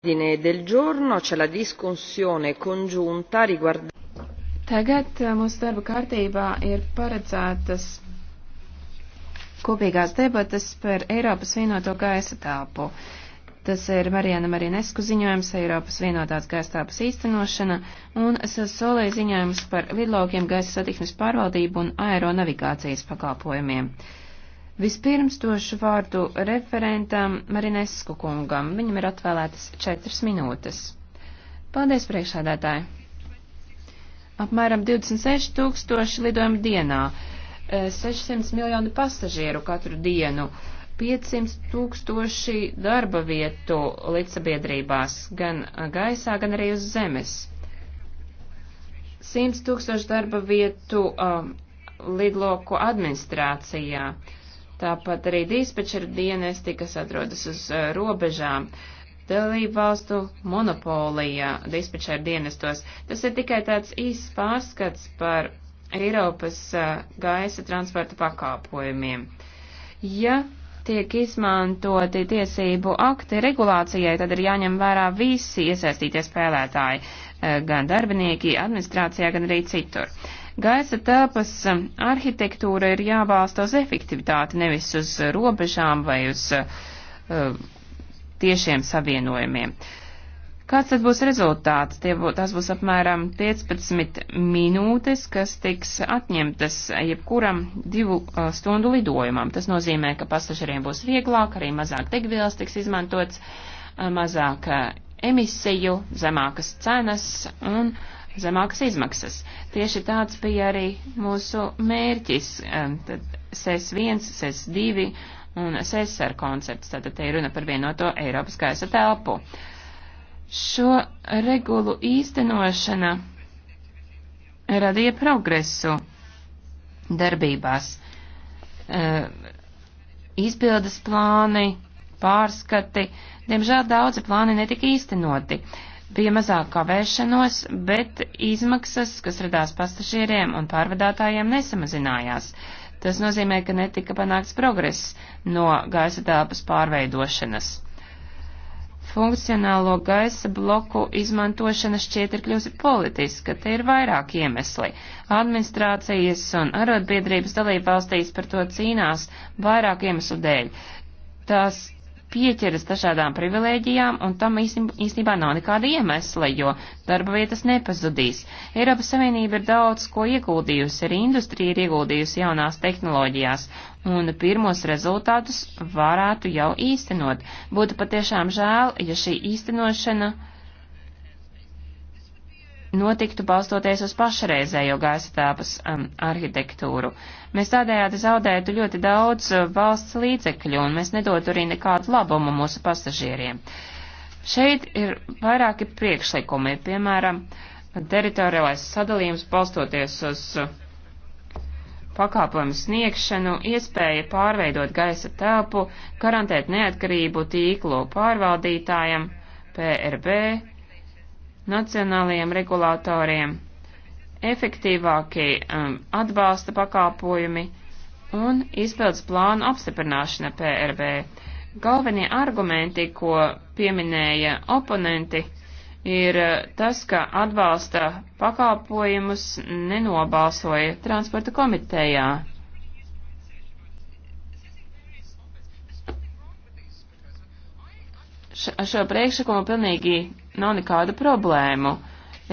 all'ordine del giorno c'è la discussione congiunta riguardante. Tagad eh, mūsu darba kārtībā ir paredzētas kopīgās debatas par Eiropas vienoto gaisa tāpu. Tas ir Marijana Marinesku ziņojums Eiropas vienotās gaisa tāpas īstenošana un Sasolē ziņojums par vidlaukiem gaisa satiksmes pārvaldību un aeronavigācijas pakalpojumiem. Vispirms došu vārdu referentam Marinesku kungam. Viņam ir atvēlētas četras minūtes. Paldies, priekšādātāji! Apmēram 26 tūkstoši lidojumu dienā, 600 eh, miljoni pasažieru katru dienu, 500 tūkstoši darba vietu līdzsabiedrībās, gan eh, gaisā, gan arī uz zemes. 100 tūkstoši darba vietu um, lidloku administrācijā. Uh, Tāpat arī dispečera dienesti, kas atrodas uz uh, robežām. Dalību valstu monopolija dispečera dienestos. Tas ir tikai tāds īsts pārskats par Eiropas uh, gaisa transporta pakāpojumiem. Ja tiek izmantoti tiesību akti regulācijai, tad ir jāņem vērā visi iesaistītie spēlētāji, eh, gan darbinieki administrācijā, gan arī citur. Gaisa telpas arhitektūra ir jābalsta uz efektivitāti, nevis uz robežām vai uz uh, tiešiem savienojumiem. Kāds tad būs rezultāts? Tie, būs, tas būs apmēram 15 minūtes, kas tiks atņemtas jebkuram divu uh, stundu lidojumam. Tas nozīmē, ka pasažieriem būs vieglāk, arī mazāk degvielas tiks izmantots, uh, mazāk uh, emisiju, zemākas cenas un uh, zemākas izmaksas. Tieši tāds bija arī mūsu mērķis, um, tad SES1, SES2 un SESR koncepts, tātad te ir runa par vienoto Eiropas gaisa telpu. Šo regulu īstenošana radīja progresu darbībās. Uh, izpildes plāni, pārskati, diemžēl daudzi plāni netika īstenoti. Uh, Bija mazāk kavēšanos, bet izmaksas, kas radās pasažieriem un pārvadātājiem, nesamazinājās. Tas nozīmē, ka netika panākts progress no gaisa telpas pārveidošanas. Funkcionālo gaisa bloku izmantošana šķiet ir kļūsi politiska, te ir vairāk iemesli. Administrācijas un arotbiedrības dalība valstīs par to cīnās vairāk iemeslu dēļ. Tās pieķeras dažādām privilēģijām, un tam īstenībā nav nekāda iemesla, jo darba vietas nepazudīs. Eiropas Savienība ir daudz ko ieguldījusi, arī industrija ir ieguldījusi jaunās tehnoloģijās, un pirmos rezultātus varētu jau īstenot. Būtu patiešām žēl, ja šī īstenošana notiktu balstoties uz pašreizējo gaisa tāpas um, arhitektūru. Mēs tādējādi zaudētu ļoti daudz uh, valsts līdzekļu un mēs nedotu arī nekādu labumu mūsu pasažieriem. Šeit ir vairāki priekšlikumi, piemēram, teritoriālais sadalījums balstoties uz uh, pakāpojumu sniegšanu, iespēja pārveidot gaisa telpu, garantēt neatkarību tīklo pārvaldītājam, PRB, nacionālajiem regulātoriem, efektīvākie um, atbalsta pakāpojumi un izpildes plānu apstiprināšana PRB. Galvenie argumenti, ko pieminēja oponenti, ir uh, tas, ka atbalsta pakāpojumus nenobalsoja transporta komitejā. Šo priekšlikumu pilnīgi nav nekādu problēmu.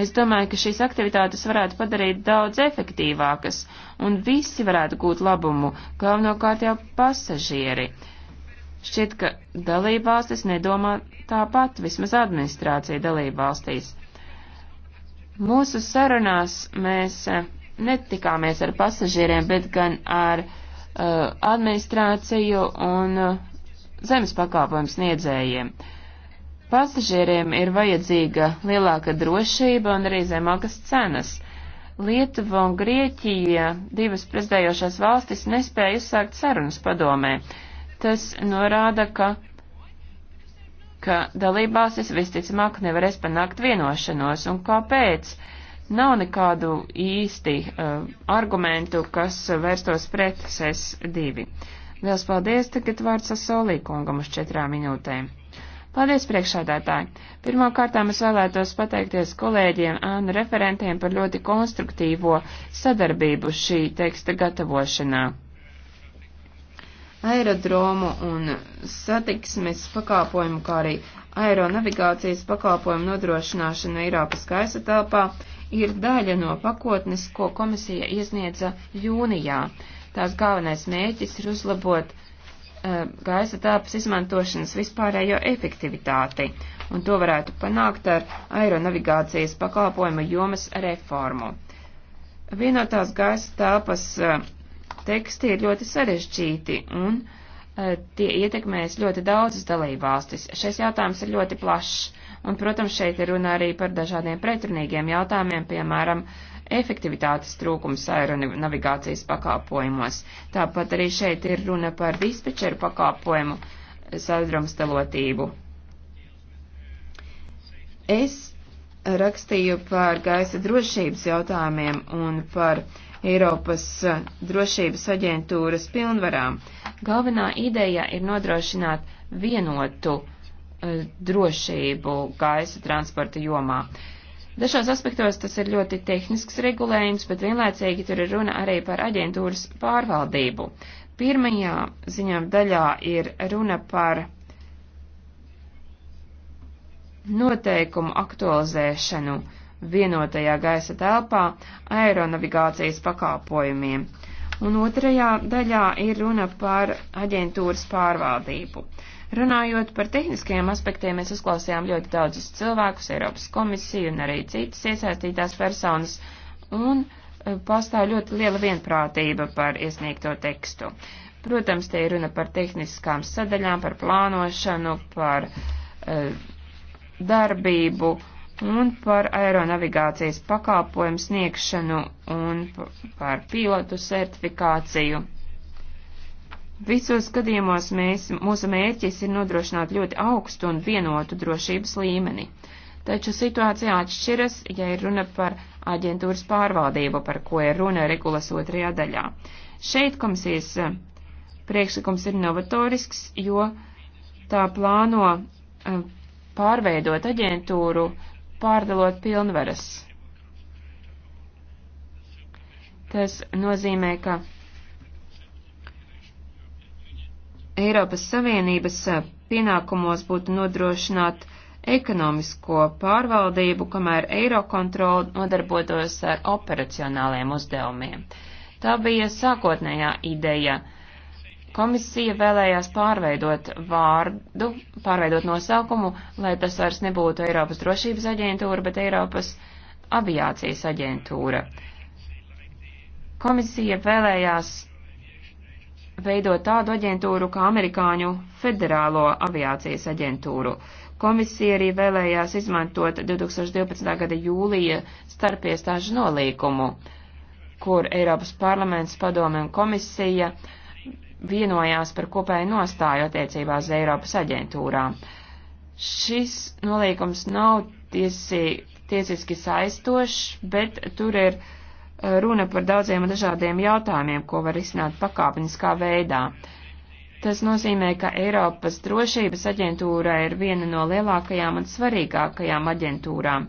Es domāju, ka šīs aktivitātes varētu padarīt daudz efektīvākas, un visi varētu gūt labumu, galvenokārt jau pasažieri. Šķiet, ka dalībvalstis nedomā tāpat, vismaz administrācija dalībvalstīs. Mūsu sarunās mēs eh, netikāmies ar pasažieriem, bet gan ar uh, administrāciju un uh, zemes pakāpojumu sniedzējiem. Uh, Pasažieriem ir vajadzīga lielāka drošība un arī zemākas cenas. Lietuva un Grieķija, divas prezidējošās valstis, nespēja uzsākt sarunas padomē. Tas norāda, ka, ka dalībvalstis visticamāk nevarēs panākt vienošanos. Un kāpēc? Nav nekādu īsti uh, argumentu, kas vērstos pret SES2. Liels paldies, tagad vārds Asolī kungam uz četrām minūtēm. Paldies, priekšādātāji! Pirmkārtām es vēlētos pateikties kolēģiem un referentiem par ļoti konstruktīvo sadarbību šī teksta gatavošanā. Aerodromu un satiksmes pakāpojumu, kā arī aeronavigācijas pakāpojumu nodrošināšanu Eiropas gaisa telpā ir daļa no pakotnes, ko komisija iesniedza jūnijā. Tās galvenais mēķis ir uzlabot Eh, gaisa telpas izmantošanas vispārējo efektivitāti, un to varētu panākt ar aeronavigācijas pakalpojuma jomas reformu. Vienotās gaisa telpas eh, teksti ir ļoti sarežģīti, un eh, tie ietekmēs ļoti daudzas dalībvalstis. Šis jautājums ir ļoti plašs, un, protams, šeit ir runa arī par dažādiem pretrunīgiem jautājumiem, piemēram, uh, efektivitātes trūkums aeronavigācijas pakāpojumos. Tāpat arī šeit ir runa par dispečeru pakāpojumu sadrumstalotību. Es rakstīju par gaisa drošības jautājumiem un par Eiropas drošības aģentūras pilnvarām. Galvenā ideja ir nodrošināt vienotu uh, drošību gaisa transporta jomā. Dažos aspektos tas ir ļoti tehnisks regulējums, bet vienlaicīgi tur ir runa arī par aģentūras pārvaldību. Pirmajā ziņām daļā ir runa par noteikumu aktualizēšanu vienotajā gaisa telpā aeronavigācijas pakāpojumiem, un otrajā daļā ir runa par aģentūras pārvaldību. Uh, Runājot par tehniskajiem aspektiem, mēs uzklausījām ļoti daudzus cilvēkus, Eiropas komisiju un arī citas iesaistītās personas, un e, pastāv ļoti liela vienprātība par iesniegto tekstu. Protams, te ir runa par tehniskām sadaļām, par plānošanu, par e, darbību un par aeronavigācijas pakāpojumu sniegšanu un par pilotu certifikāciju. Visos gadījumos mēs, mūsu mērķis ir nodrošināt ļoti augstu un vienotu drošības līmeni. Taču situācija atšķiras, ja ir runa par aģentūras pārvaldību, par ko ir runa regulas otrajā daļā. Šeit komisijas eh, priekšlikums ir novatorisks, jo tā plāno eh, pārveidot aģentūru, pārdalot pilnvaras. Tas nozīmē, ka Eiropas Savienības eh, pienākumos būtu nodrošināt ekonomisko pārvaldību, kamēr Eirokontrola nodarbotos ar operacionāliem uzdevumiem. Tā bija sākotnējā ideja. Komisija vēlējās pārveidot vārdu, pārveidot nosaukumu, lai tas vairs nebūtu Eiropas drošības aģentūra, bet Eiropas aviācijas aģentūra. Komisija vēlējās veidot tādu aģentūru kā Amerikāņu federālo aviācijas aģentūru. Komisija arī vēlējās izmantot 2012. gada jūlija starpiestāžu nolīkumu, kur Eiropas parlaments, padome un komisija vienojās par kopēju nostāju attiecībā uz Eiropas aģentūrām. Šis nolīkums nav tiesi, tiesiski saistošs, bet tur ir uh, runa par daudziem dažādiem jautājumiem, ko var izsnāt pakāpeniskā veidā. Tas nozīmē, ka Eiropas drošības aģentūra ir viena no lielākajām un svarīgākajām aģentūrām,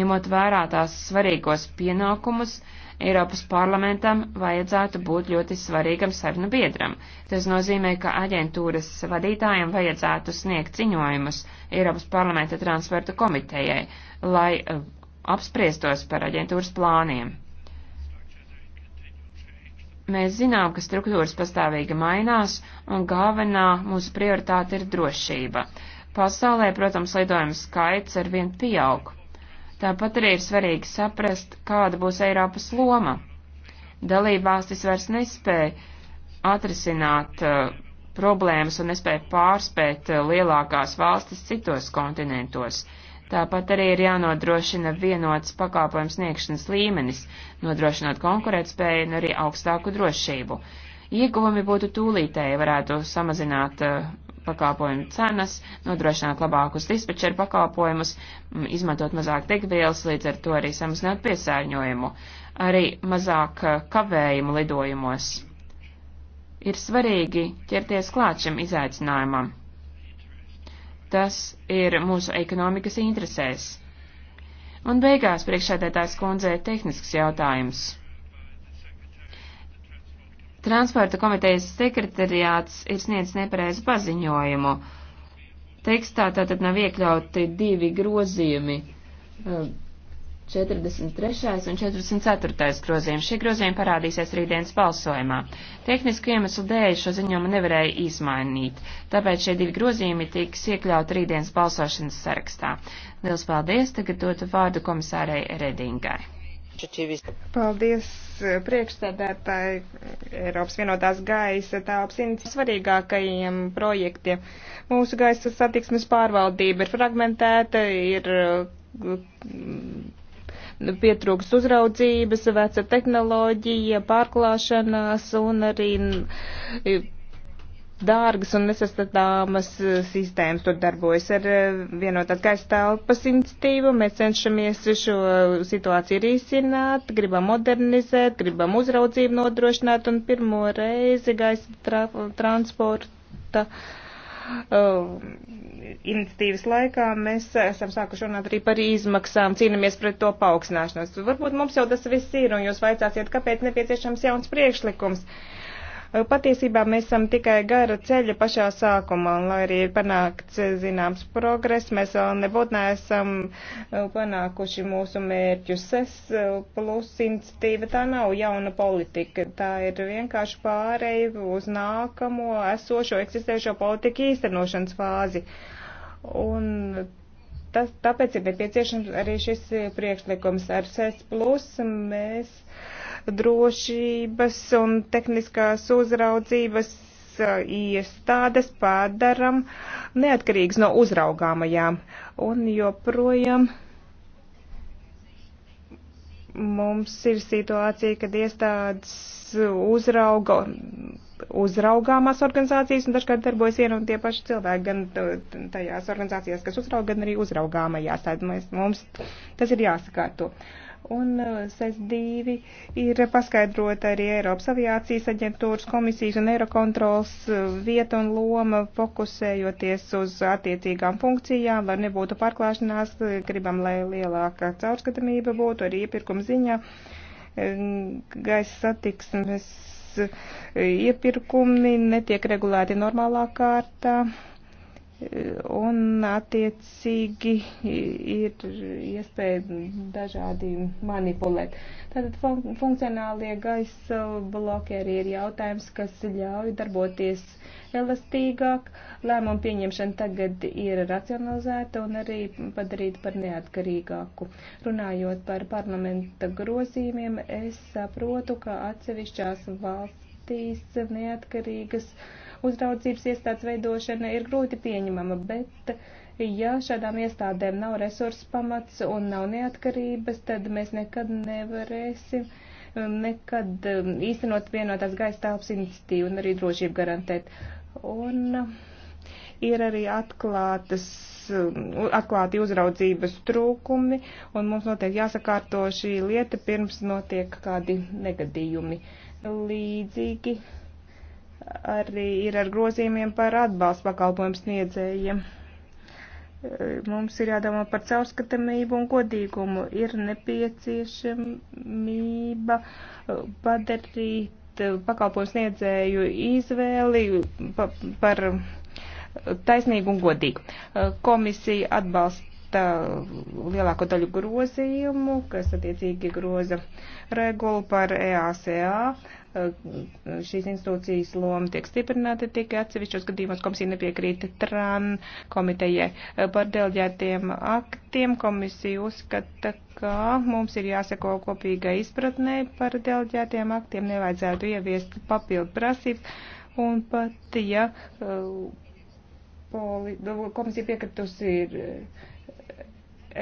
ņemot vērā tās svarīgos pienākumus, Eiropas parlamentam vajadzētu būt ļoti svarīgam sarunu biedram. Tas nozīmē, ka aģentūras vadītājiem vajadzētu sniegt ziņojumus Eiropas parlamenta transporta komitejai, lai eh, apspriestos par aģentūras plāniem. Mēs zinām, ka struktūras pastāvīgi mainās, un galvenā mūsu prioritāte ir drošība. Pasaulē, protams, lidojumu skaits ar vien pieaug. Tāpat arī ir svarīgi saprast, kāda būs Eiropas loma. Dalībvalstis vairs nespēja atrisināt uh, problēmas un nespēja pārspēt uh, lielākās valstis citos kontinentos. Tāpat arī ir jānodrošina vienots pakalpojums sniegšanas līmenis, nodrošinot konkurētspēju un arī augstāku drošību. Ieguvumi būtu tūlītēji, varētu samazināt uh, pakalpojumu cenas, nodrošināt labākus dispečeru pakalpojumus, mm, izmantot mazāk degvielas, līdz ar to arī samazināt piesārņojumu, arī mazāk eh, kavējumu lidojumos. Ir svarīgi ķerties klāt šim izaicinājumam. Tas ir mūsu ekonomikas interesēs. Un beigās priekšsēdētājs kundzē tehnisks jautājums. Transporta komitejas sekretariāts ir sniedz nepareizu paziņojumu. Tekstā tātad nav iekļauti divi grozījumi. Uh, 43. un 44. grozījums. Šie grozījumi parādīsies rītdienas balsojumā. Tehnisku iemeslu dēļ šo ziņojumu nevarēja izmainīt, tāpēc šie divi grozījumi tiks iekļaut rītdienas balsošanas sarakstā. Liels paldies, tagad dotu vārdu komisārai Redingai. Paldies eh, priekšstādētāji eh, Eiropas vienotās gaisa tāps svarīgākajiem projektiem. Mūsu gaisa satiksmes pārvaldība ir fragmentēta, ir eh, pietrūks uzraudzības, veca tehnoloģija, pārklāšanās un arī mm, dārgas un nesastatāmas eh, sistēmas tur darbojas ar eh, vienotā gaisa telpas institīvu. Mēs cenšamies šo situāciju risināt, gribam modernizēt, gribam uzraudzību nodrošināt un pirmo reizi gaisa tra transporta. Uh, Uh, iniciatīvas laikā mēs esam sākuši runāt arī par izmaksām, cīnāmies pret to paaugstināšanos. Varbūt mums jau tas viss ir, un jūs vaicāsiet, kāpēc nepieciešams jauns priekšlikums. Uh, Patiesībā mēs esam tikai gara ceļa pašā sākumā, un lai arī ir panākts zināms progress, mēs vēl nebūtu neesam e, panākuši mūsu mērķus. Es e, plus institīva tā nav jauna politika, tā ir vienkārši pārēja uz nākamo esošo eksistējošo politiku īstenošanas fāzi. Un tas, tāpēc ir nepieciešams arī šis priekšlikums ar SES plus. Mēs drošības un tehniskās uzraudzības uh, iestādes padaram neatkarīgs no uzraugāmajām. Un joprojām mums ir situācija, kad iestādes uzrauga uzraugāmās organizācijas un dažkārt darbojas viena un tie paši cilvēki gan tajās organizācijās, kas uzrauga, gan arī uzraugāmajās. Tad mēs, mums tas ir jāsakārto. Uh, Un uh, SES2 ir paskaidrota arī Eiropas aviācijas aģentūras komisijas un Eirokontrols uh, vieta un loma, fokusējoties uz attiecīgām funkcijām, lai nebūtu pārklāšanās, gribam, lai lielāka caurskatamība būtu arī iepirkuma ziņā, um, gaisa satiksmes uh, iepirkumi netiek regulēti normālā kārtā un attiecīgi ir iespēja dažādi manipulēt. Tātad fun funkcionālie gaisa bloki arī ir jautājums, kas ļauj darboties elastīgāk. Lēmumu pieņemšana tagad ir racionalizēta un arī padarīta par neatkarīgāku. Runājot par parlamenta grozījumiem, es saprotu, ka atsevišķās valstīs neatkarīgas uh, uzraudzības iestādes veidošana ir grūti pieņemama, bet ja šādām iestādēm nav resursu pamats un nav neatkarības, tad mēs nekad nevarēsim nekad um, īstenot vienotās gaisa telpas iniciatīvu un arī drošību garantēt. Un ir arī atklātas, um, atklāti uzraudzības trūkumi, un mums notiek jāsakārto šī lieta, pirms notiek kādi negadījumi. Līdzīgi arī ir ar grozījumiem par atbalstu pakalpojumu sniedzējiem. Mums ir jādomā par caurskatamību un godīgumu. Ir nepieciešamība padarīt pakalpojumu sniedzēju izvēli par taisnīgu un godīgu. Komisija atbalsta atbalsta lielāko daļu grozījumu, kas attiecīgi groza regulu par EASA. Šīs institūcijas loma tiek stiprināta tikai atsevišķos gadījumos. Komisija nepiekrīt TRAN komitejai par delģētiem aktiem. Komisija uzskata, ka mums ir jāseko kopīgai izpratnē par delģētiem aktiem. Nevajadzētu ieviest papildu prasības. Un pat, ja eh, poli, komisija piekritusi ir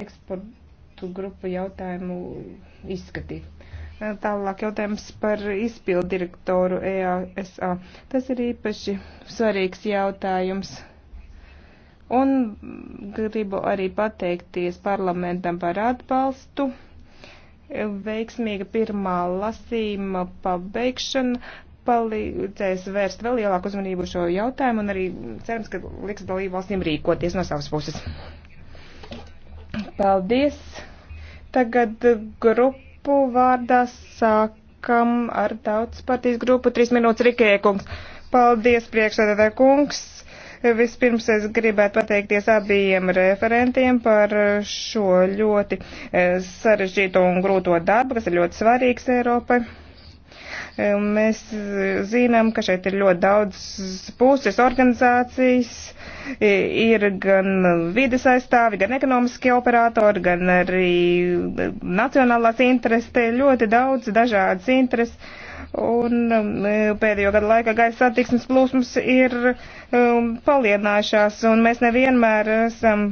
eksportu grupu jautājumu izskatīt. Tālāk jautājums par izpildu direktoru EASA. Tas ir īpaši svarīgs jautājums. Un gribu arī pateikties parlamentam par atbalstu. Veiksmīga pirmā lasīma pabeigšana palīdzēs vērst vēl lielāku uzmanību šo jautājumu un arī cerams, ka liks dalību valstīm rīkoties no savas puses. Paldies. Tagad grupu vārdā sākam ar tautas partijas grupu. Trīs minūtes Rikēja kungs. Paldies, priekšsēdētāj kungs. Vispirms es gribētu pateikties abiem referentiem par šo ļoti eh, sarežģīto un grūto darbu, kas ir ļoti svarīgs Eiropai. Mēs zinām, ka šeit ir ļoti daudz puses organizācijas, ir gan vides aizstāvi, gan ekonomiskie operatori, gan arī nacionālās intereses, te ir ļoti daudz dažādas intereses. Un pēdējo gadu laikā gaisa satiksmes plūsmas ir um, palielinājušās, un mēs nevienmēr esam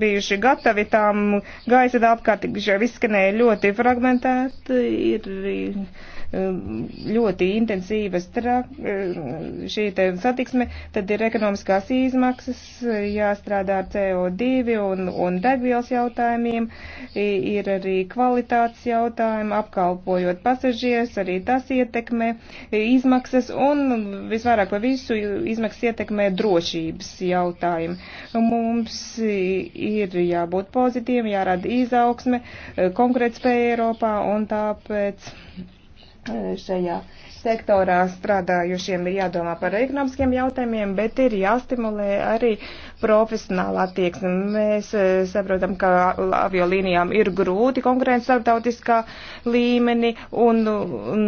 bijuši gatavi tām gaisa apkārt, jo viss skanēja ļoti fragmentēti. Ir, ļoti intensīva šī te satiksme, tad ir ekonomiskās izmaksas, jāstrādā ar CO2 un, un degvielas jautājumiem, ir arī kvalitātes jautājumi, apkalpojot pasažieris, arī tas ietekmē izmaksas un visvairāk par visu izmaksas ietekmē drošības jautājumi. Mums ir jābūt pozitīviem, jārada izaugsme, konkurētspēja Eiropā un tāpēc šajā sektorā strādājušiem ir jādomā par ekonomiskiem jautājumiem, bet ir jāstimulē arī profesionāla attieksme. Mēs eh, saprotam, ka aviolīnijām ir grūti konkurēt starptautiskā līmenī un nu,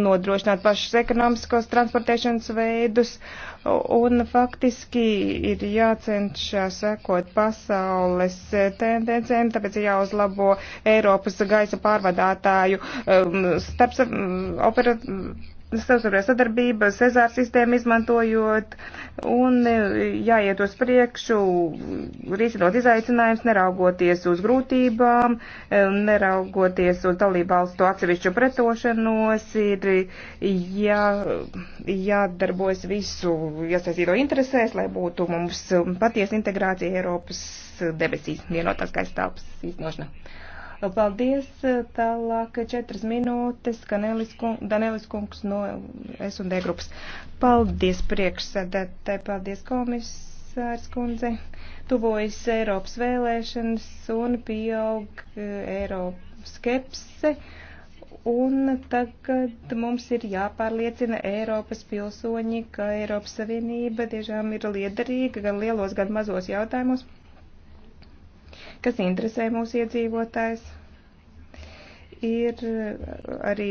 nodrošināt pašus ekonomiskos transportēšanas veidus. Uh, Un faktiski ir jācenšas sekot pasaules tendencēm, tāpēc ir jāuzlabo Eiropas gaisa pārvadātāju um, starp um, mm, operatīvu savstarpējā sadarbība, Cezāra sistēma izmantojot un e, jāiet uz priekšu, risinot izaicinājums, neraugoties uz grūtībām, e, neraugoties uz dalībvalstu atsevišķu pretošanos, ir jā, jādarbojas visu iesaistīto interesēs, lai būtu mums patiesa integrācija Eiropas debesīs, vienotās gaistāps īstenošana. Paldies. Tālāk četras minūtes Kanelis kungs, Danelis kungs no S&D grupas. Paldies priekšsēdētāji, paldies komisārs kundze. Tuvojas Eiropas vēlēšanas un pieaug e, Eiropas skepse. Un tagad mums ir jāpārliecina Eiropas pilsoņi, ka Eiropas Savienība tiešām ir liederīga gan lielos, gan mazos jautājumos kas interesē mūsu iedzīvotājs. Ir arī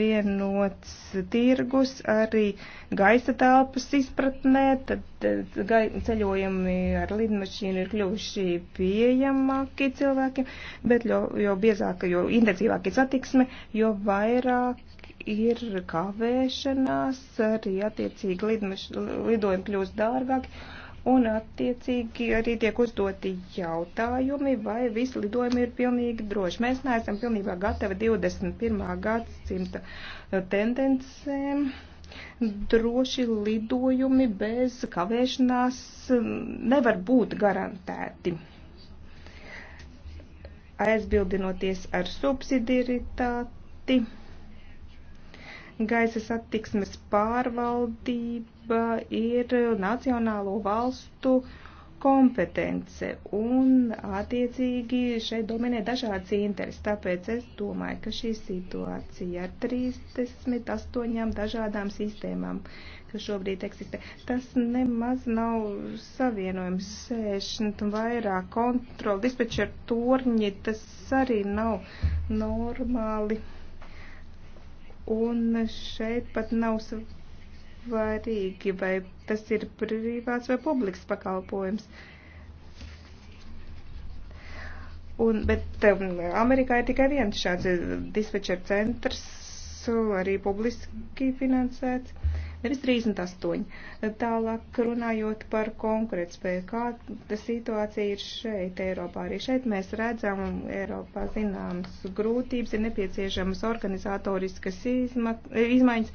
vienots tirgus, arī gaisa telpas izpratnē, tad gai, ceļojumi ar lidmašīnu ir kļuvuši pieejamāki cilvēkiem, bet jo, jo biezāka, jo intensīvāk ir satiksme, jo vairāk ir kavēšanās, arī attiecīgi lidmaš, lidojumi kļūst dārgāki Un attiecīgi arī tiek uzdoti jautājumi, vai visi lidojumi ir pilnīgi droši. Mēs neesam pilnībā gatavi 21. gadsimta tendencēm. Droši lidojumi bez kavēšanās nevar būt garantēti. Aizbildinoties ar subsidiaritāti. Gaisa satiksmes pārvaldība ir nacionālo valstu kompetence, un attiecīgi šeit dominē dažādas intereses. Tāpēc es domāju, ka šī situācija ar 38 dažādām sistēmām, kas šobrīd eksistē. Tas nemaz nav savienojums sēšana un vairāk kontroli. Dispečer torņi, tas arī nav normāli. Un šeit pat nav svarīgi, vai tas ir privāts vai publiks pakalpojums. Un, bet um, Amerikā ir tikai viens šāds dispečer centrs, arī publiski finansēts. Uh, nevis 38. Tālāk runājot par konkurētspēju, kāda situācija ir šeit Eiropā. Arī šeit mēs redzam Eiropā zināmas grūtības, ir nepieciešamas organizatoriskas izmaiņas,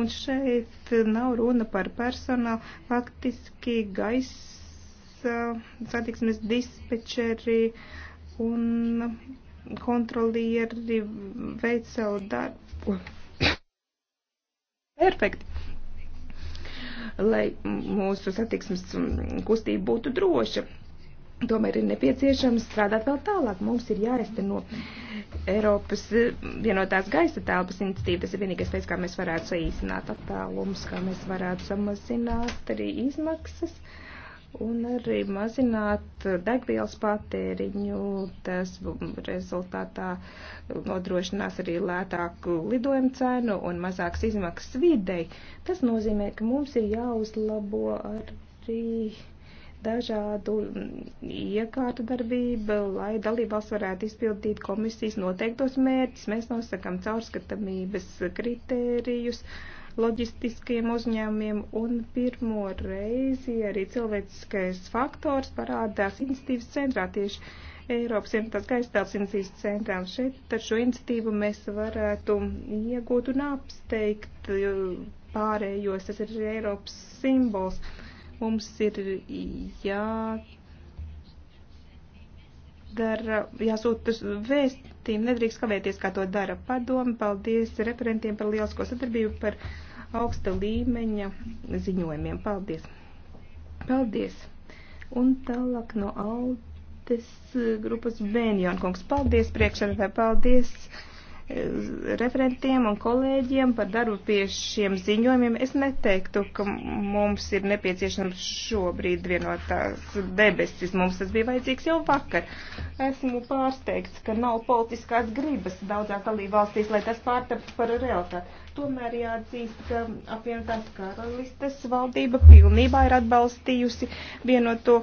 un šeit nav runa par personālu, faktiski gaisa satiksmes dispečeri un kontrolieri veic savu darbu. Perfekti lai mūsu satiksmes mm, kustība būtu droša. Tomēr ir nepieciešams strādāt vēl tālāk. Mums ir jāizteno Eiropas mm, vienotās gaisa telpas iniciatīva. Tas ir vienīgais veids, kā mēs varētu saīsināt attālums, kā mēs varētu samazināt arī izmaksas. Uh, un arī mazināt degvielas patēriņu. Tas rezultātā nodrošinās arī lētāku lidojumu cenu un mazāks izmaksas videi. Tas nozīmē, ka mums ir jāuzlabo arī dažādu iekārtu darbība, lai dalībvalsts varētu izpildīt komisijas noteiktos mērķus. Mēs nosakam caurskatamības kritērijus. Uh, loģistiskiem uzņēmumiem, un pirmo reizi arī cilvēciskais faktors parādās institīvas centrā tieši Eiropas Savienotās gaistāls institīvas centrā. Šeit ar šo institīvu mēs varētu iegūt un apsteigt uh, pārējos, tas ir Eiropas simbols. Mums ir jā jādara, jāsūta vēstīm, nedrīkst kavēties, kā to dara padomi. Paldies referentiem par lielisko sadarbību, par augsta līmeņa ziņojumiem. Paldies! Paldies! Un tālāk no Altes grupas Bēnjonkungs. Paldies priekšsēdētāji, paldies! referentiem un kolēģiem par darbu pie šiem ziņojumiem. Es neteiktu, ka mums ir nepieciešams šobrīd vienotās debesis. Mums tas bija vajadzīgs jau vakar. Esmu pārsteigts, ka nav politiskās gribas daudzās dalībvalstīs, lai tas pārtaptu par realitāti. Tomēr jāatzīst, ka apvienotās karalistes valdība pilnībā ir atbalstījusi vienoto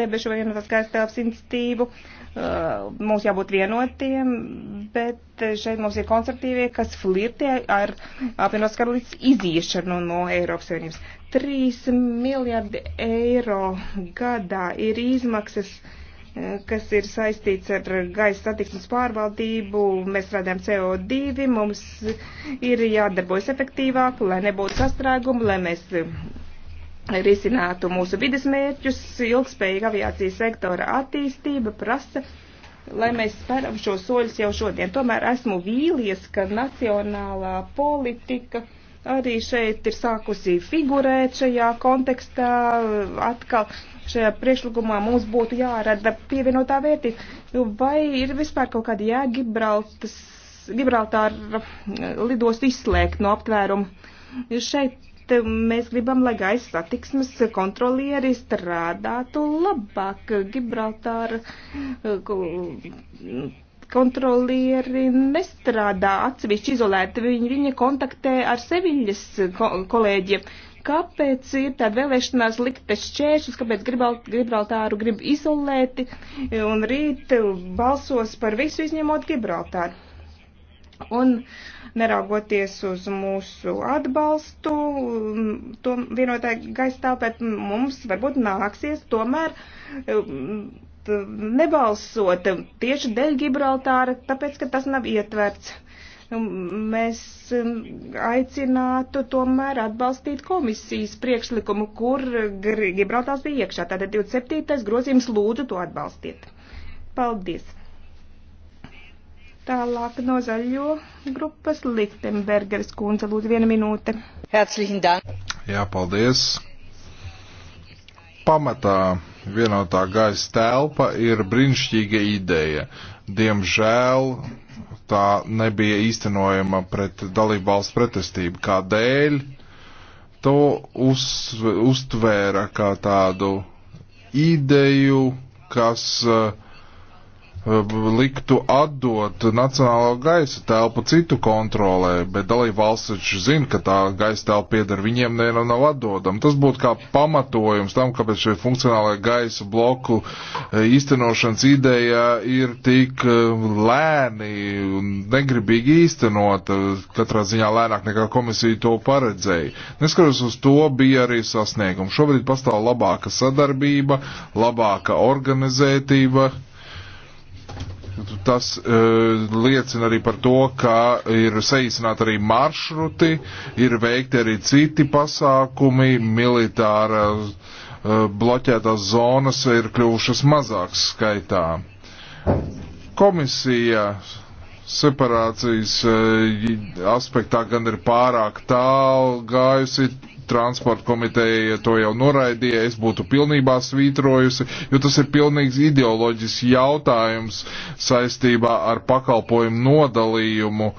debešu vienotās gaisa telpas institīvu. Uh, mums jābūt vienotiem, bet šeit mums ir konservatīvie, kas flirtē ar apvienotās karalistes iziešanu no Eiropas Savienības. 3 miljardi eiro gadā ir izmaksas uh, kas ir saistīts ar gaisa satiksmes pārvaldību. Mēs strādājam CO2, mums ir jādarbojas efektīvāk, lai nebūtu sastrēgumu, lai mēs risinātu mūsu vides mērķus. Ilgspējīga aviācijas sektora attīstība prasa, lai mēs spēram šo soļus jau šodien. Tomēr esmu vīlies, ka nacionālā politika arī šeit ir sākusi figurēt šajā kontekstā. Atkal šajā priekšlikumā mums būtu jārada pievienotā vērtība. Nu, vai ir vispār kaut kāda jēga Gibraltāra mm, lidostu izslēgt no aptvērumu? Šeit mm, mēs gribam, lai gaisa satiksmes kontrolieri strādātu labāk. Gibraltāra mm, kontrolieri nestrādā atsevišķi izolēti, viņi, viņi kontaktē ar Seviļas kolēģiem. Kāpēc ir tāda vēlēšanās likt šķēršus, kāpēc Gibraltāru grib izolēti un rīt balsos par visu izņemot Gibraltāru? Un neraugoties uz mūsu atbalstu, to vienotāju gaistāpēt mums varbūt nāksies tomēr um, Eh, nebalsot tieši dēļ Gibraltāra, tāpēc, ka tas nav ietverts. Nu, mēs eh, aicinātu tomēr atbalstīt komisijas priekšlikumu, kur Gibraltārs bija iekšā. Tātad 27. grozījums lūdzu to atbalstiet. Paldies! Tālāk no zaļo grupas Lichtenbergeres kundze, lūdzu, viena minūte. Herzlichen Dank. Jā, paldies. Pamatā vienotā gaisa telpa ir brīnišķīga ideja. Diemžēl tā nebija īstenojama pret dalību valsts pretestību. Kādēļ to uz, uztvēra kā tādu ideju, kas uh, Eh, liktu atdot nacionālo gaisa telpu citu kontrolē, bet dalība valsts taču zina, ka tā gaisa telpa pieder viņiem, ne nu, nav atdodama. Tas būtu kā pamatojums tam, kāpēc šī funkcionālā gaisa bloku eh, īstenošanas ideja ir tik eh, lēni un negribīgi īstenota, katrā ziņā lēnāk nekā komisija to paredzēja. Neskatoties uz to, bija arī sasniegums. Šobrīd pastāv labāka sadarbība, labāka organizētība Tas uh, liecina arī par to, ka ir saīsināti arī maršruti, ir veikti arī citi pasākumi, militāra uh, bloķētās zonas ir kļuvušas mazākas skaitā. Komisija separācijas eh, aspektā gan ir pārāk tālu gājusi. Transporta komiteja to jau noraidīja, es būtu pilnībā svītrojusi, jo tas ir pilnīgs ideoloģisks jautājums saistībā ar pakalpojumu nodalījumu.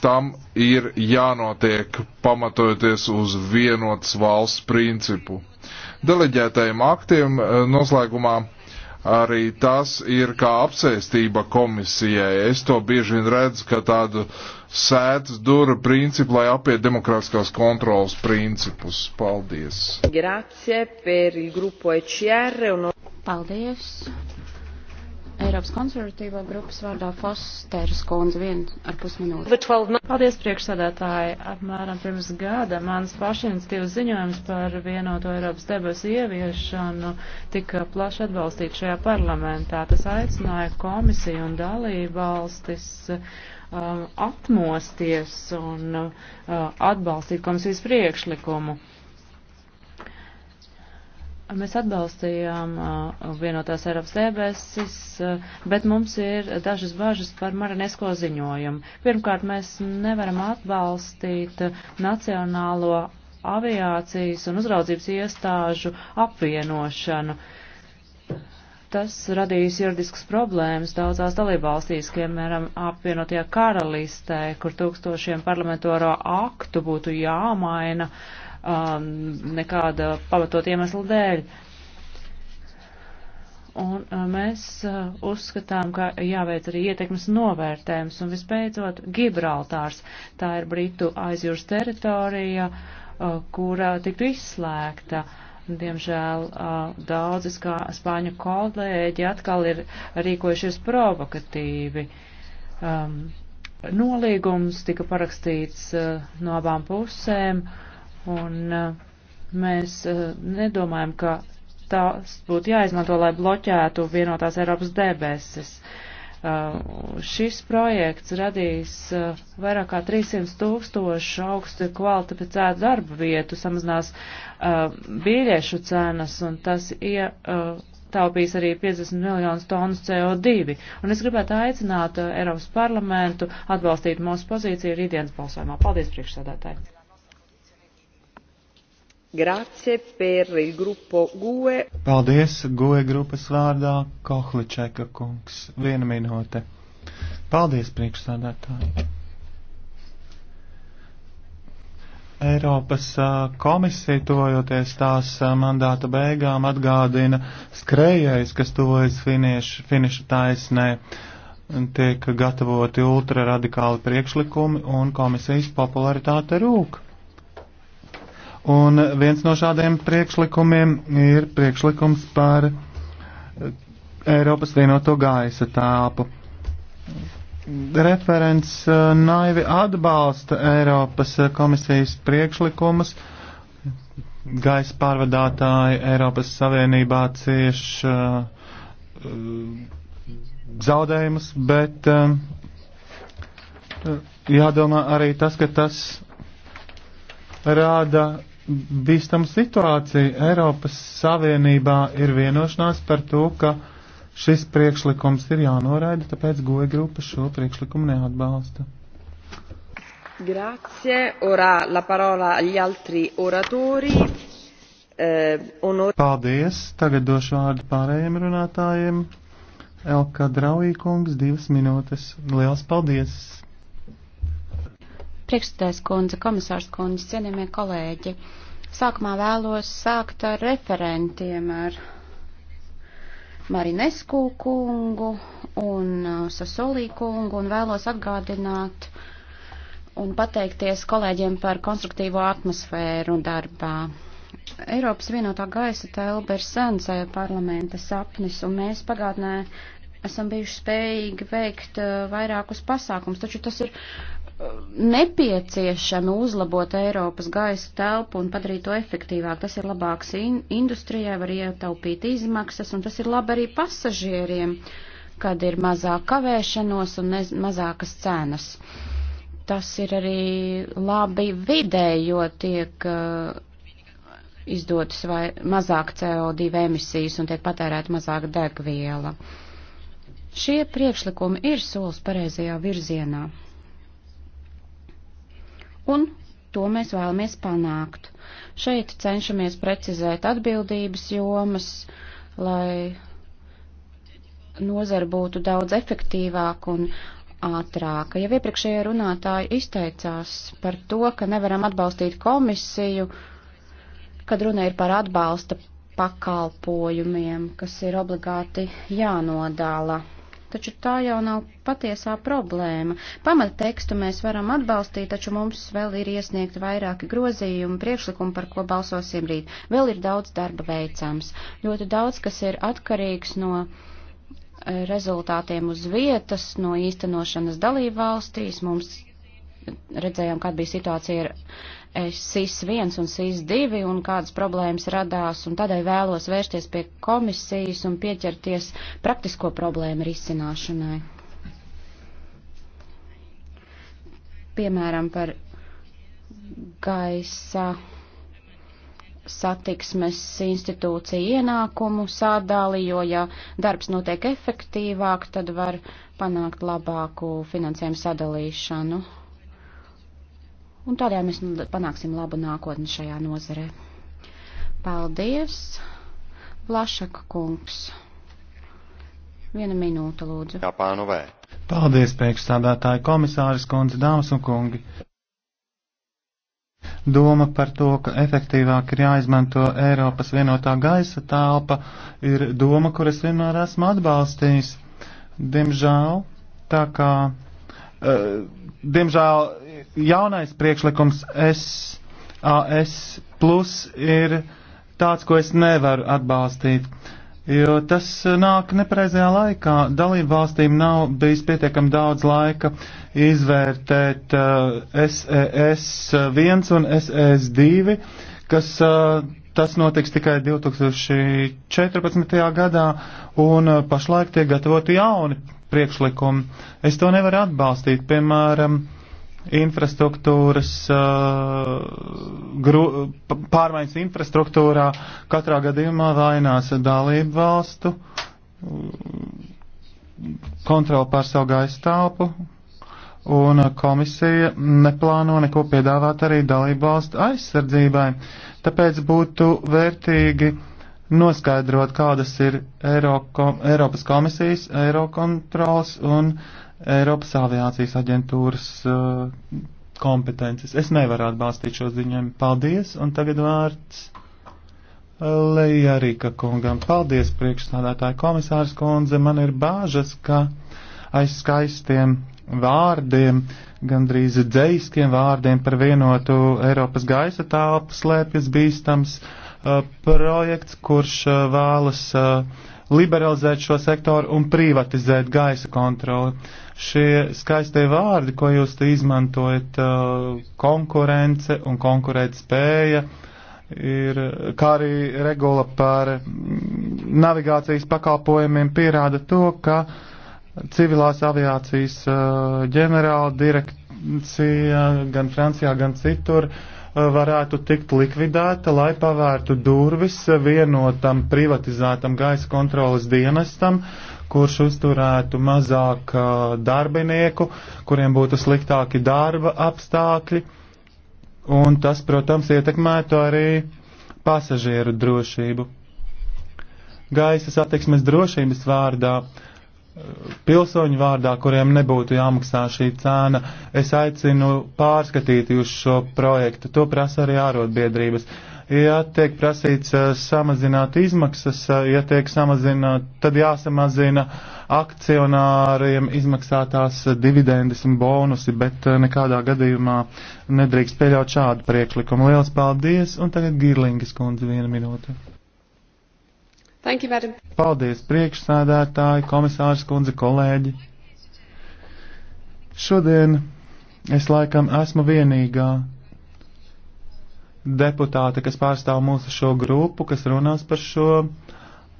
Tam ir jānotiek pamatojoties uz vienotas valsts principu. Deleģētajiem aktiem eh, noslēgumā arī tas ir kā apsēstība komisijai. Es to bieži vien redzu, ka tādu sētas dura principu, lai apiet demokrātiskās kontrolas principus. Paldies! Grazie per il gruppo ECR. Paldies! Eiropas konservatīvo grupas vārdā Fosteras kundze vien ar pusminūti. Paldies priekšsādātāji. Apmēram pirms gada mans pašinstīvas ziņojums par vienoto Eiropas debesu ieviešanu tika plaši atbalstīts šajā parlamentā. Tas aicināja komisiju un dalību valstis um, atmosties un uh, atbalstīt komisijas priekšlikumu. Uh, Mēs atbalstījām vienotās Eiropas debesis, bet mums ir dažas bažas par Marinesko ziņojumu. Pirmkārt, mēs nevaram atbalstīt nacionālo aviācijas un uzraudzības iestāžu apvienošanu. Tas radīs juridiskas problēmas daudzās dalībvalstīs, piemēram, apvienotajā karalistē, kur tūkstošiem parlamentoro aktu būtu jāmaina. Uh, um, nekāda pamatot iemesla dēļ. Un uh, mēs uh, uzskatām, ka jāveic arī ietekmes novērtējums un vispēcot Gibraltārs. Tā ir Britu aizjūras teritorija, uh, kura tiktu izslēgta. Diemžēl uh, daudzi spāņu kolēģi atkal ir rīkojušies provokatīvi. Um, nolīgums tika parakstīts uh, no abām pusēm. Uh, Un uh, mēs uh, nedomājam, ka tās būtu jāizmanto, lai bloķētu vienotās Eiropas debesis. Uh, šis projekts radīs vairāk kā 300 tūkstošu augstu kvalificētu darbu vietu, samazinās bīļiešu cenas un tas ietaupīs arī 50 miljonus tonus CO2. Un es gribētu aicināt Eiropas parlamentu atbalstīt mūsu pozīciju rītdienas balsojumā. Paldies, priekšsēdētāji! Grazie per il gruppo GUE. Paldies GUE grupas vārdā Kohličeka kungs. Viena minūte. Paldies priekšstādātāji. Eiropas komisija, tuvojoties tās mandāta beigām, atgādina skrējējs, kas tuvojas finišu, finišu taisnē tiek gatavoti ultraradikāli priekšlikumi un komisijas popularitāte rūk. Un viens no šādiem priekšlikumiem ir priekšlikums par eh, Eiropas vienoto gaisa tāpu. Referents eh, naivi atbalsta Eiropas eh, komisijas priekšlikumus. Gaisa pārvadātāji Eiropas Savienībā cieš uh, zaudējumus, bet uh, jādomā arī tas, ka tas rāda bīstama situācija. Eiropas Savienībā ir vienošanās par to, ka šis priekšlikums ir jānoraida, tāpēc goja grupa šo priekšlikumu neatbalsta. Grazie. Ora la parola agli altri oratori. Eh, onor... Paldies. Tagad došu vārdu pārējiem runātājiem. Elka Draujīkungs, divas minūtes. Liels paldies! Priekšstādājs kundze, komisārs kundze, cienījamie kolēģi. Sākumā vēlos sākt ar referentiem, ar Marinesku kungu un uh, Sasolī kungu un vēlos atgādināt un pateikties kolēģiem par konstruktīvo atmosfēru darbā. Eiropas vienotā gaisa telpa ir sens parlamenta sapnis, un mēs pagātnē esam bijuši spējīgi veikt uh, vairākus pasākums, taču tas ir nepieciešama uzlabot Eiropas gaisa telpu un padarīt to efektīvāk. Tas ir labāks in industrijai, var ietaupīt izmaksas, un tas ir labi arī pasažieriem, kad ir mazāk kavēšanos un mazākas cenas. Tas ir arī labi vidē, jo tiek uh, izdotas vai mazāk CO2 emisijas un tiek patērēta mazāk degviela. Šie priekšlikumi ir solis pareizajā virzienā un to mēs vēlamies panākt. Šeit cenšamies precizēt atbildības jomas, lai nozara būtu daudz efektīvāka un ātrāka. Jau iepriekšējie runātāji izteicās par to, ka nevaram atbalstīt komisiju, kad runa ir par atbalsta pakalpojumiem, kas ir obligāti jānodāla taču tā jau nav patiesā problēma. Pamata tekstu mēs varam atbalstīt, taču mums vēl ir iesniegti vairāki grozījumi, priekšlikumi, par ko balsosim rīt. Vēl ir daudz darba veicams, ļoti daudz, kas ir atkarīgs no eh, rezultātiem uz vietas, no īstenošanas dalību valstīs. Mums redzējām, kāda bija situācija ar SIS 1 un SIS 2 un kādas problēmas radās, un tādēļ vēlos vērsties pie komisijas un pieķerties praktisko problēmu risināšanai. Piemēram, par gaisa satiksmes institūcija ienākumu sādāli, jo ja darbs notiek efektīvāk, tad var panākt labāku finansējumu sadalīšanu un tādējādi mēs nu, panāksim labu nākotni šajā nozarē. Paldies, Vlašaka kungs. Viena minūte, lūdzu. Jā, pānovē. Paldies, priekšstādātāji komisāris kundze, dāmas un kungi. Doma par to, ka efektīvāk ir jāizmanto Eiropas vienotā gaisa telpa, ir doma, kuras vienmēr esmu atbalstījis. Diemžēl, tā kā, uh, diemžēl jaunais priekšlikums SAS plus ir tāds, ko es nevaru atbalstīt, jo tas nāk nepareizajā laikā. Dalību valstīm nav bijis pietiekami daudz laika izvērtēt uh, SES1 un SES2, kas uh, tas notiks tikai 2014. gadā, un uh, pašlaik tiek gatavoti jauni priekšlikumi. Es to nevaru atbalstīt, piemēram, uh, infrastruktūras, gru, pārmaiņas infrastruktūrā katrā gadījumā vainās dalību valstu kontroli pār savu gaisa telpu, un komisija neplāno neko piedāvāt arī dalību valstu aizsardzībai. Tāpēc būtu vērtīgi noskaidrot, kādas ir Eirokom, Eiropas komisijas, Eirokontrols un Eiropas aviācijas aģentūras uh, kompetences. Es nevaru atbalstīt šo ziņojumu. Paldies, un tagad vārds Leija Rika kungam. Paldies, priekšstādātāja komisārs kundze. Man ir bāžas, ka aiz skaistiem vārdiem, gandrīz dzējiskiem vārdiem par vienotu Eiropas gaisa tālpu slēpjas bīstams uh, Uh, projekts, kurš uh, vēlas uh, liberalizēt šo sektoru un privatizēt gaisa kontroli. Šie skaistie vārdi, ko jūs te izmantojat, konkurence un konkurēt spēja, ir, kā arī regula par mm, navigācijas pakalpojumiem pierāda to, ka civilās aviācijas ģenerāla direkcija gan Francijā, gan citur uh, varētu tikt likvidēta, lai pavērtu durvis vienotam privatizētam gaisa kontrolas dienestam, kurš uzturētu mazāk darbinieku, kuriem būtu sliktāki darba apstākļi, un tas, protams, ietekmētu arī pasažieru drošību. Gaisa satiksmes drošības vārdā pilsoņu vārdā, kuriem nebūtu jāmaksā šī cēna. Es aicinu pārskatīt jūs šo projektu. To prasa arī ārotbiedrības. Ja tiek prasīts eh, samazināt izmaksas, eh, ja tiek samazināt, tad jāsamazina akcionāriem izmaksātās dividendes un bonusi, bet eh, nekādā gadījumā nedrīkst pieļaut šādu priekšlikumu. Lielas paldies, un tagad Girlingas kundze viena minūte. Thank you, madam. Paldies, priekšsādātāji, komisārs kundze, kolēģi. Šodien es laikam esmu vienīgā deputāte, kas pārstāv mūsu šo grupu, kas runās par šo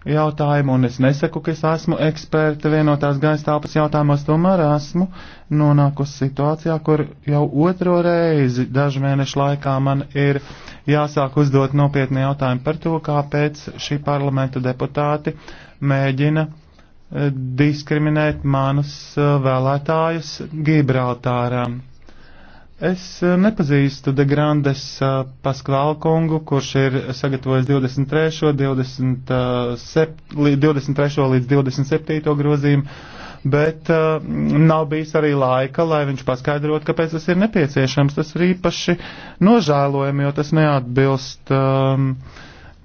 jautājumu, un es nesaku, ka es esmu eksperta vienotās gaisa telpas jautājumos, tomēr esmu nonākusi situācijā, kur jau otro reizi dažu mēnešu laikā man ir jāsāk uzdot nopietni jautājumu par to, kāpēc šī parlamenta deputāti mēģina eh, diskriminēt manus eh, vēlētājus Gibraltārām. Es eh, nepazīstu De Grandes eh, Paskvāla kungu, kurš ir sagatavojis 23. 27, 23. līdz 27. grozījumu, bet eh, nav bijis arī laika, lai viņš paskaidrotu, kāpēc tas ir nepieciešams. Tas ir īpaši nožēlojami, jo tas neatbilst um,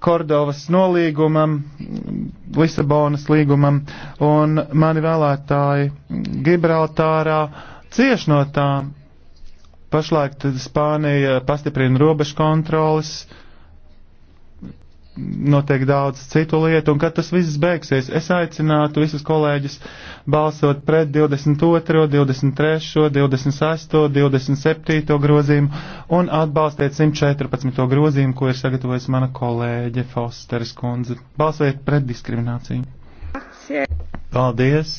Kordovas nolīgumam, Lisabonas līgumam, un mani vēlētāji Gibraltārā cieš no tām Pašlaik Spānija pastiprina robežu kontrolas, notiek daudz citu lietu, un kad tas viss beigsies, es aicinātu visus kolēģus balsot pret 22., 23., 26., 27. grozījumu un atbalstiet 114. grozījumu, ko ir sagatavojis mana kolēģe Fosteris kundze. Balsojiet pret diskrimināciju. Paldies!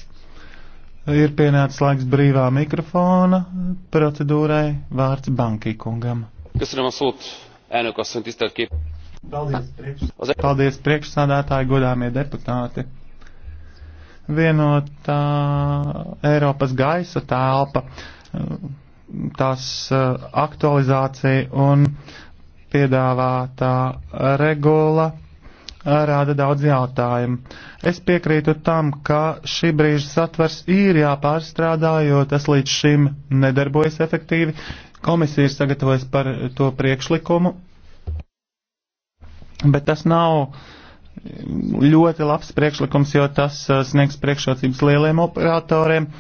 Ir pienācis laiks brīvā mikrofona procedūrai. Vārds bankī kungam. Köszönöm a szót, elnök asszony, tisztelt kép. Paldies, priekš... Paldies priekšsādātāji, godāmie deputāti. Vienotā Eiropas gaisa telpa, tās eh, aktualizācija un piedāvātā regula rāda daudz jautājumu. Es piekrītu tam, ka šī brīža satvers ir jāpārstrādā, jo tas līdz šim nedarbojas efektīvi. Komisija ir sagatavojusi par to priekšlikumu, bet tas nav ļoti labs priekšlikums, jo tas uh, sniegs priekšrocības lieliem operatoriem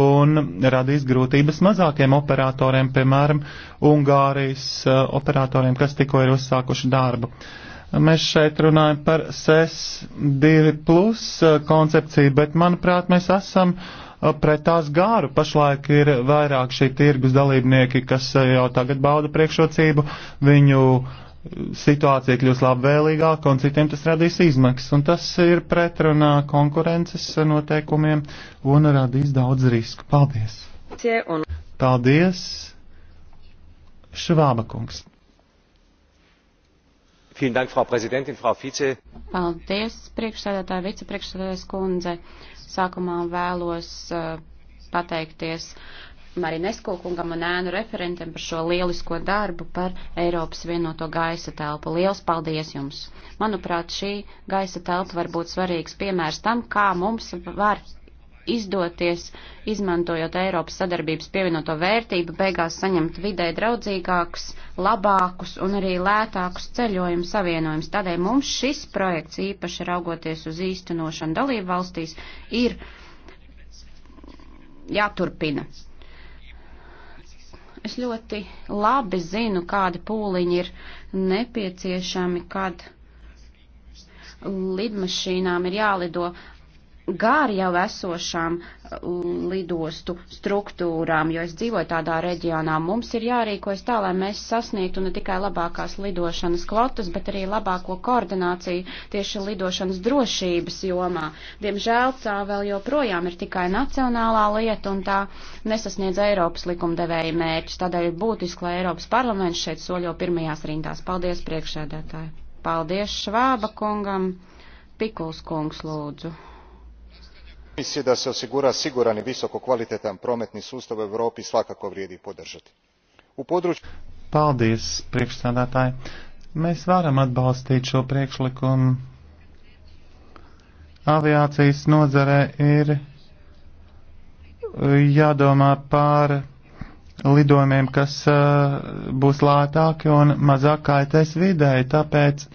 un radīs grūtības mazākiem operatoriem, piemēram, Ungārijas uh, operatoriem, kas tikko ir uzsākuši darbu. Uh, Mēs šeit runājam par SES 2 plus uh, koncepciju, bet manuprāt mēs esam uh, pret tās gāru. Pašlaik ir vairāk šī tirgus dalībnieki, kas uh, jau tagad bauda priekšrocību, viņu situācija kļūs labvēlīgāka un citiem tas radīs izmaksas. Un tas ir pretrunā konkurences noteikumiem un radīs daudz risku. Paldies! Paldies! Švāba kungs! Frau Präsidentin, Frau Vize. Paldies, priekšsēdētāja, vicepriekšsēdētājas kundze. Sākumā vēlos uh, pateikties Marinesko kungam un ēnu referentiem par šo lielisko darbu par Eiropas vienoto gaisa telpu. Liels paldies jums! Manuprāt, šī gaisa telpa var būt svarīgs piemērs tam, kā mums var izdoties, izmantojot Eiropas sadarbības pievienoto vērtību, beigās saņemt vidē draudzīgākus, labākus un arī lētākus ceļojumu savienojumus. Tādēļ mums šis projekts, īpaši raugoties uz īstenošanu dalību valstīs, ir jāturpina. Es ļoti labi zinu, kādi pūliņi ir nepieciešami, kad lidmašīnām ir jālido gāri jau esošām uh, lidostu struktūrām, jo es dzīvoju tādā reģionā. Mums ir jārīkojas tā, lai mēs sasniegtu ne tikai labākās lidošanas kvotas, bet arī labāko koordināciju tieši lidošanas drošības jomā. Diemžēl tā vēl joprojām ir tikai nacionālā lieta un tā nesasniedz Eiropas likumdevēja mērķus. Tādēļ ir būtiski, lai Eiropas parlaments šeit soļo pirmajās rindās. Paldies priekšēdētāji. Paldies Švāba kungam. Pikuls kungs lūdzu komisije da se osigura siguran i visokokvalitetan prometni sustav u europi svakako vrijedi podržati. u području Paldies, priekšstādātāji. Mēs varam atbalstīt šo priekšlikumu. Aviācijas nozarē ir jādomā par lidojumiem, kas uh, būs lētāki un mazāk kaitēs vidēji, tāpēc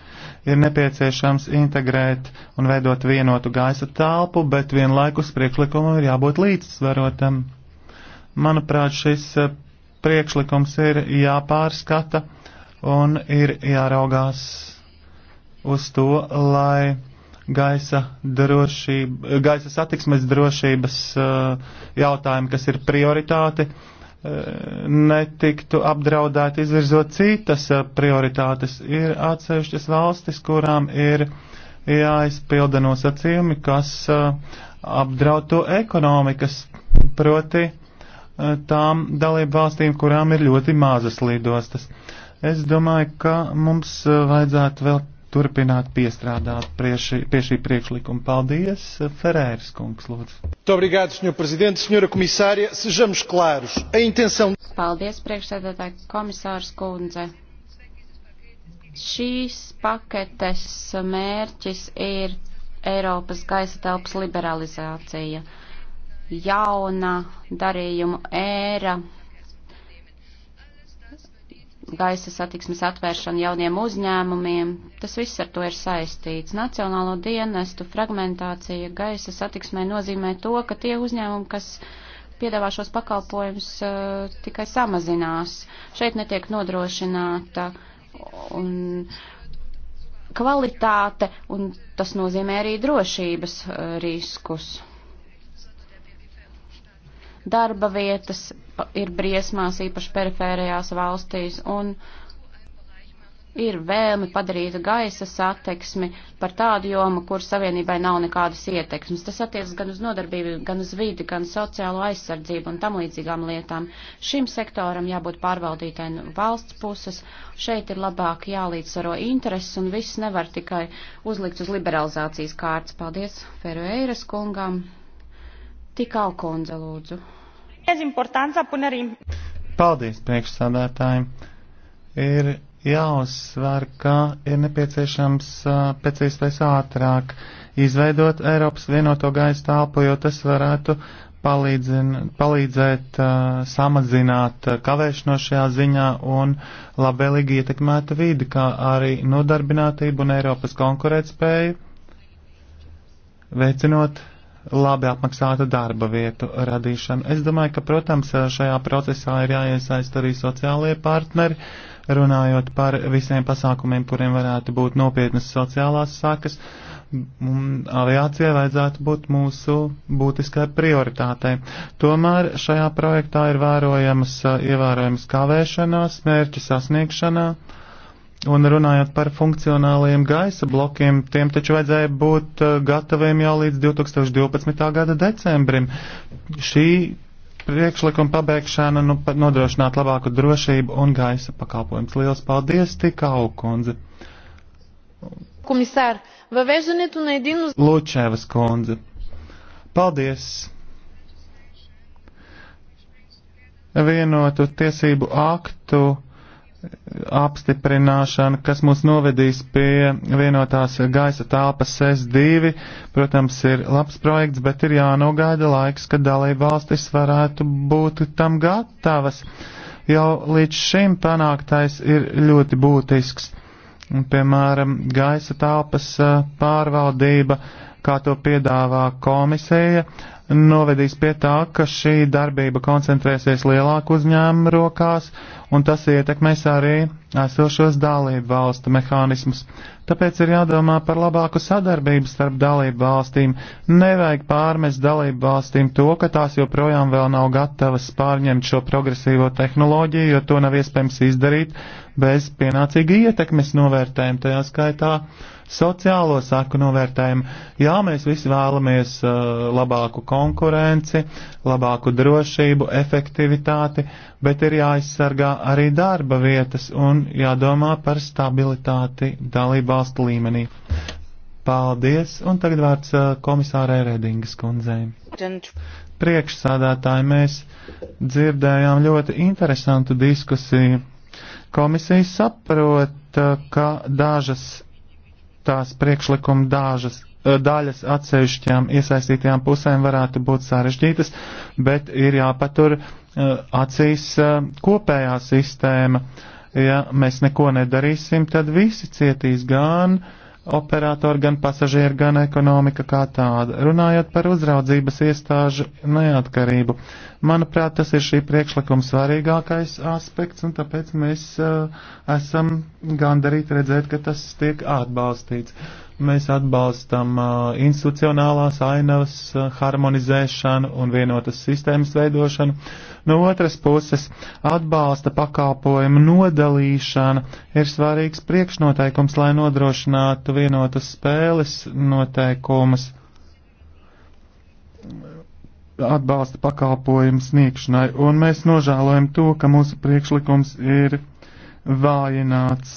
ir nepieciešams integrēt un veidot vienotu gaisa telpu, bet vienlaikus priekšlikumam ir jābūt līdzsvarotam. Manuprāt, šis eh, priekšlikums ir jāpārskata un ir jāraugās uz to, lai gaisa, drošība, gaisa satiksmes drošības eh, jautājumi, kas ir prioritāti, netiktu apdraudēti izvirzot citas eh, prioritātes. Ir atsevišķas valstis, kurām ir jāizpilda nosacījumi, kas eh, apdraud to ekonomikas, proti eh, tām dalību valstīm, kurām ir ļoti mazas lidostas. Es domāju, ka mums vajadzētu vēl turpināt piestrādāt pie šī, pie šī priekšlikuma. Paldies, Ferēras kungs, lūdzu. Obrigado, senhor presidente, senhora komisārija, sejamos claros. A intenção... Paldies, priekšsēdētāji komisārs kundze. Šīs paketes mērķis ir Eiropas gaisa telpas liberalizācija, jauna darījuma ēra gaisa satiksmes atvēršanu jauniem uzņēmumiem. Tas viss ar to ir saistīts. Nacionālo dienestu fragmentācija gaisa satiksmē nozīmē to, ka tie uzņēmumi, kas piedāvā šos pakalpojumus, uh, tikai samazinās. Šeit netiek nodrošināta un kvalitāte, un tas nozīmē arī drošības uh, riskus darba vietas ir briesmās, īpaši perifērajās valstīs, un ir vēlme padarīt gaisa sateksmi par tādu jomu, kur savienībai nav nekādas ietekmes. Tas attiecas gan uz nodarbību, gan uz vidi, gan sociālo aizsardzību un tam līdzīgām lietām. Šim sektoram jābūt pārvaldītai no valsts puses. Šeit ir labāk jālīdzsvaro intereses un viss nevar tikai uzlikt uz liberalizācijas kārtas. Paldies Feru Eiras kungam. Tikā kundze, lūdzu. Paldies priekšsādātājiem. Ir jāuzsver, ka ir nepieciešams pēc iespējas ātrāk izveidot Eiropas vienoto gaisa telpu, jo tas varētu palīdzēt uh, samazināt kavēšanos šajā ziņā un labvēlīgi ietekmētu vidi, kā arī nodarbinātību un Eiropas konkurētspēju, veicinot labi apmaksātu darba vietu radīšanu. Es domāju, ka, protams, šajā procesā ir jāiesaist arī sociālie partneri, runājot par visiem pasākumiem, kuriem varētu būt nopietnas sociālās sakas. Aviācijai vajadzētu būt mūsu būtiskai prioritātei. Tomēr šajā projektā ir vērojamas, ievērojamas kavēšanās, mērķu sasniegšanā. Uh, Un runājot par funkcionāliem gaisa blokiem, tiem taču vajadzēja būt uh, gataviem jau līdz 2012. gada decembrim. Šī priekšlikuma pabeigšana nu, nodrošināt labāku drošību un gaisa pakalpojumus. Lielas paldies, tikā aukundze. Komisār, vai vēžanietu un edinu? Lučēvas kundze. Paldies. Vienotu tiesību aktu apstiprināšana, kas mūs novedīs pie vienotās gaisa telpas S2. Protams, ir labs projekts, bet ir jānogaida laiks, kad dalība valstis varētu būt tam gatavas. Jau līdz šim panāktais ir ļoti būtisks. Piemēram, gaisa telpas pārvaldība, kā to piedāvā komisija, novedīs pie tā, ka šī darbība koncentrēsies lielāku uzņēmumu rokās, un tas ietekmēs arī esošos dalību valstu mehānismus. Tāpēc ir jādomā par labāku sadarbību starp dalību valstīm. Nevajag pārmest dalību valstīm to, ka tās joprojām vēl nav gatavas pārņemt šo progresīvo tehnoloģiju, jo to nav iespējams izdarīt bez pienācīga ietekmes novērtējuma tajā skaitā sociālo saku novērtējumu. Jā, mēs visi vēlamies uh, labāku konkurenci, labāku drošību, efektivitāti, bet ir jāaizsargā arī darba vietas un jādomā par stabilitāti dalību valstu līmenī. Paldies, un tagad vārds uh, komisārai Redingas kundzei. Priekšsādātāji mēs dzirdējām ļoti interesantu diskusiju. Komisija saprot, uh, ka dažas tās priekšlikuma dāžas, eh, daļas atsevišķām iesaistītajām pusēm varētu būt sarežģītas, bet ir jāpatur eh, acīs eh, kopējā sistēma. Ja mēs neko nedarīsim, tad visi cietīs gan uh, operatori, gan pasažieri, gan ekonomika kā tāda. Runājot par uzraudzības iestāžu neatkarību, manuprāt, tas ir šī priekšlikuma svarīgākais aspekts, un tāpēc mēs uh, esam gandarīti redzēt, ka tas tiek atbalstīts. Mēs atbalstam uh, institucionālās ainavas uh, harmonizēšanu un vienotas sistēmas veidošanu No otras puses, atbalsta pakāpojumu nodalīšana ir svarīgs priekšnoteikums, lai nodrošinātu vienotas spēles noteikumus atbalsta pakalpojumu sniegšanai, un mēs nožēlojam to, ka mūsu priekšlikums ir vājināts.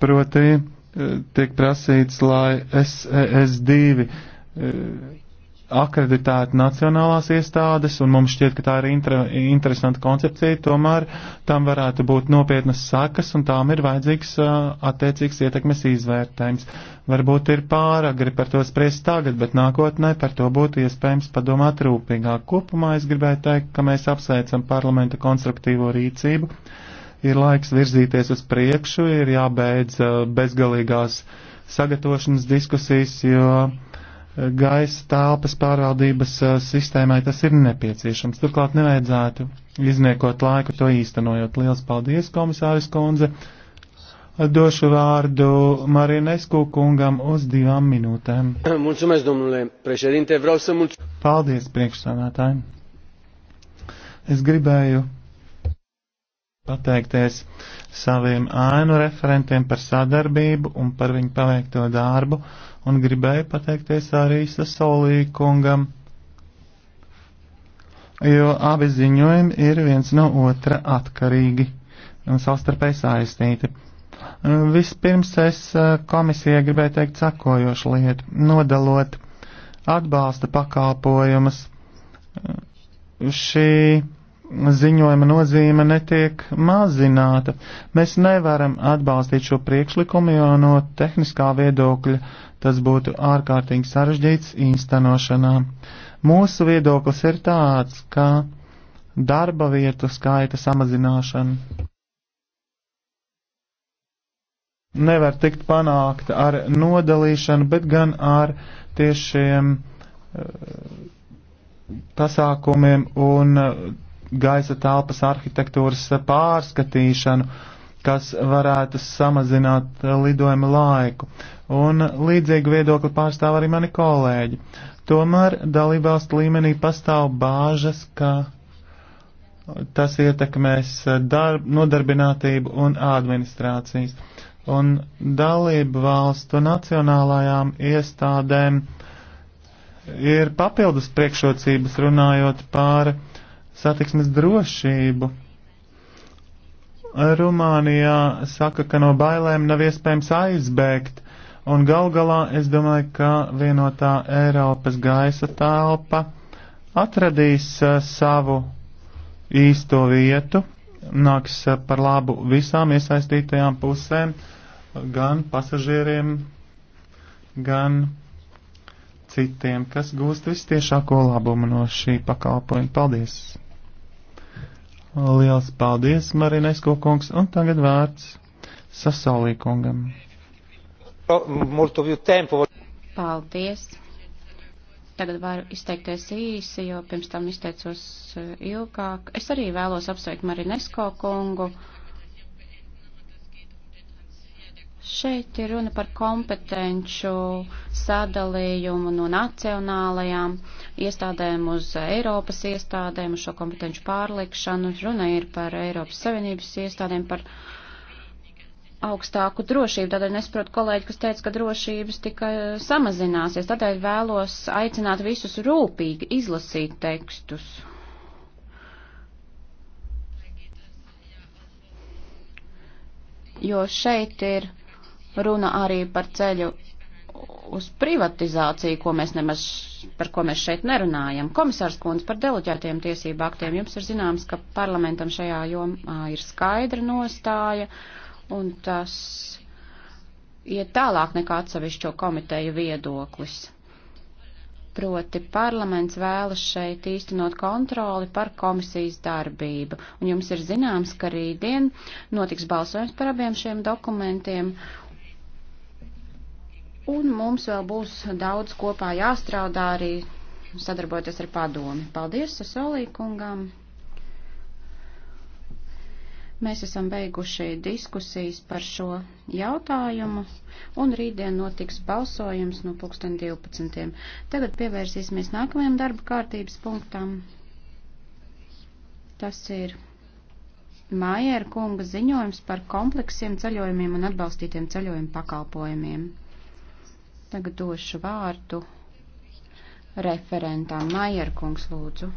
Proti, eh, tiek prasīts, lai SES2 akreditēti nacionālās iestādes, un mums šķiet, ka tā ir inter, interesanta koncepcija, tomēr tam varētu būt nopietnas sakas, un tām ir vajadzīgs uh, attiecīgs ietekmes izvērtējums. Varbūt ir pāragri par to spriest tagad, bet nākotnē par to būtu iespējams padomāt rūpīgāk. Kopumā es gribēju teikt, ka mēs apsveicam parlamenta konstruktīvo rīcību. Ir laiks virzīties uz priekšu, ir jābeidz uh, bezgalīgās sagatavošanas diskusijas, jo gaisa telpas pārvaldības sistēmai tas ir nepieciešams. Turklāt nevajadzētu izniekot laiku to īstenojot. Liels paldies, komisāris Konze. Došu vārdu Marinesku kungam uz divām minūtēm. Mulțumesc, domnule președinte. Vreau să mulțumesc. Paldies, priekšsādātāji. Es gribēju pateikties saviem ainu referentiem par sadarbību un par viņu paveikto darbu. Uh, un gribēju pateikties arī Sasolī kungam, jo abi ziņojumi ir viens no otra atkarīgi un savstarpēji saistīti. Vispirms es eh, komisijai gribēju teikt sakojošu lietu, nodalot atbalsta pakalpojumus. Eh, šī ziņojuma nozīme netiek mazināta. Mēs nevaram atbalstīt šo priekšlikumu, jo no tehniskā viedokļa tas būtu ārkārtīgi sarežģīts īstenošanā. Mūsu viedoklis ir tāds, ka darba vietu skaita samazināšana nevar tikt panākta ar nodalīšanu, bet gan ar tiešiem eh, pasākumiem un eh, gaisa telpas arhitektūras pārskatīšanu, kas varētu samazināt lidojuma laiku. Un līdzīgu viedokli pārstāv arī mani kolēģi. Tomēr dalībvalstu līmenī pastāv bāžas, ka tas ietekmēs darb, nodarbinātību un administrācijas. Un dalību valstu nacionālajām iestādēm ir papildus priekšrocības runājot par uh, satiksmes drošību. Rumānijā saka, ka no bailēm nav iespējams aizbēgt, un gal galā es domāju, ka vienotā Eiropas gaisa telpa atradīs eh, savu īsto vietu, nāks eh, par labu visām iesaistītajām pusēm, gan pasažieriem, gan citiem, kas gūst vistiešāko labumu no šī pakalpojuma. Paldies! Liels paldies, Marinesko kungs, un tagad vārds Sasolī kungam. Paldies. Tagad varu izteikties īsi, jo pirms tam izteicos e, ilgāk. Es arī vēlos apsveikt Marinesko kungu. Šeit ir runa par kompetenču sadalījumu no nacionālajām iestādēm uz Eiropas iestādēm, uz šo kompetenci pārlikšanu. Runa ir par Eiropas Savienības iestādēm, par augstāku drošību. Tādēļ nesaprotu kolēģi, kas teica, ka drošības tikai samazināsies. Tādēļ vēlos aicināt visus rūpīgi izlasīt tekstus. Jo šeit ir runa arī par ceļu uz privatizāciju, ko mēs nemaz, par ko mēs šeit nerunājam. Komisārs Kundze par deleģētiem tiesību aktiem. Jums ir zināms, ka parlamentam šajā jomā ir skaidra nostāja, un tas iet tālāk nekā atsevišķo komiteju viedoklis. Proti parlaments vēlas šeit īstenot kontroli par komisijas darbību. Un jums ir zināms, ka rītdien notiks balsojums par abiem šiem dokumentiem, un mums vēl būs daudz kopā jāstrādā arī sadarbojoties ar padomi. Paldies Sasolī kungam! Mēs esam beiguši diskusijas par šo jautājumu, un rītdien notiks balsojums no 2012. Tagad pievērsīsimies nākamajam darba kārtības punktam. Tas ir Mājēra kunga ziņojums par kompleksiem ceļojumiem un atbalstītiem ceļojumu pakalpojumiem. Tagad došu vārdu referentam Maierkungs lūdzu.